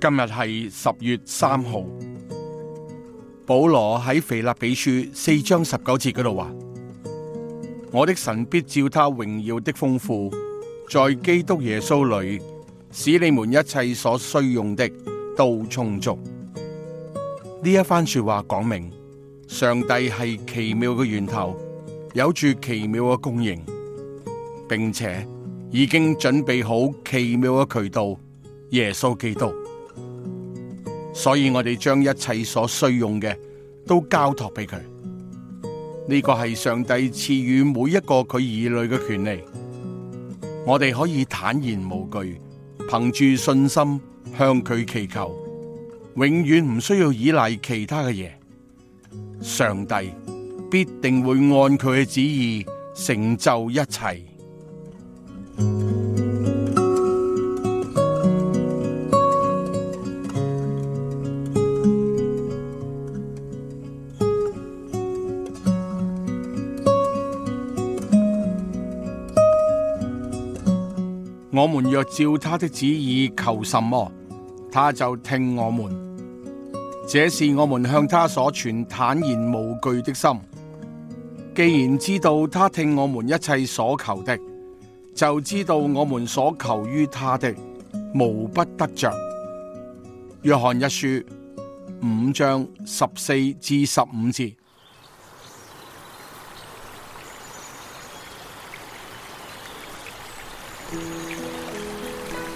今日係十月三號，保羅喺腓立比書四章十九節嗰度話：我的神必照他榮耀的豐富，在基督耶穌裏，使你們一切所需用的都充足。呢一番說話講明，上帝係奇妙嘅源頭，有住奇妙嘅供應，並且已經準備好奇妙嘅渠道，耶穌基督。所以我哋將一切所需用嘅都交託俾佢，呢個係上帝賜予每一個佢兒女嘅權利。我哋可以坦然無懼，憑住信心向佢祈求，永遠唔需要依賴其他嘅嘢。上帝必定會按佢嘅旨意成就一切。我們若照他的旨意求什麼，他就聽我們。這是我們向他所存坦然無懼的心。既然知道他聽我們一切所求的，就知道我們所求於他的無不得着。約翰一書五章十四至十五節。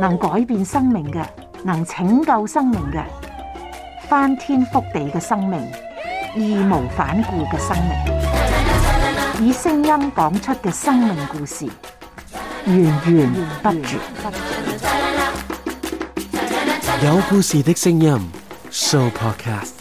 能改變生命嘅，能拯救生命嘅，翻天覆地嘅生命，義無反顧嘅生命，以聲音講出嘅生命故事，源源不絕。有故事的聲音，Sooo Podcast。